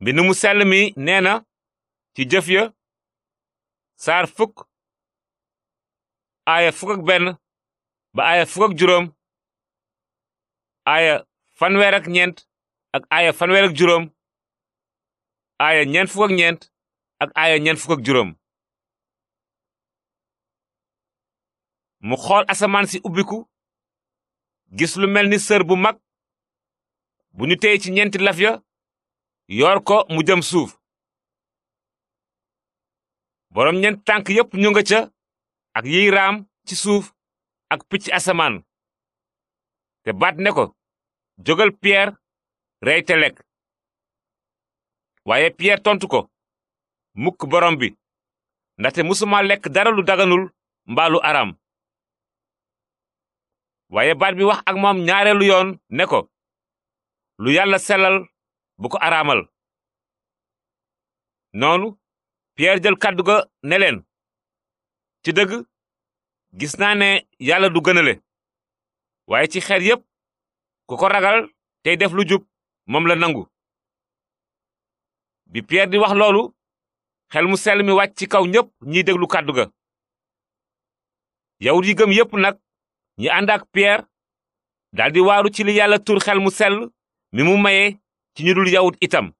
mbind mu sell mi nee na ci jëf ya saar fukk aaya fukk benn ba aaya fukk juróom aaya fanweer ak ñeent ak aaya fanweer juróom aaya ñeent fukk ñeent ak aaya ñeent fukk juróom mu xool asamaan si ubbiku gis lu mel ni sër bu mag bu ñu tey ci ñeenti laf yor ko mu jëm suuf boroom tànk yépp ñu nga ca ak yiiraam ci suuf ak picc asamaan te baat ne ko jógal Pierre rey te lekk waaye Pierre tontu ko mukk borom bi ndaxte musuma lekk dara lu daganul mbaalu aram waaye baat bi wax ak moom ñaareelu yoon ne ko lu yàlla selal bu ko araamal noonu Pierre jël kàddu ga ne leen ci dëgg gis naa ne yàlla du gënale waaye ci xeet yépp ku ko ragal tey def lu jub moom la nangu bi Pierre di wax loolu xel mu sel mi wàcc ci kaw ñépp ñiy déglu kàddu ga yawut yi gëm yépp nag ñi ànd ak Pierre daldi waaru ci li yàlla tur xel mu sel mi mu mayee ci ñu dul yawut itam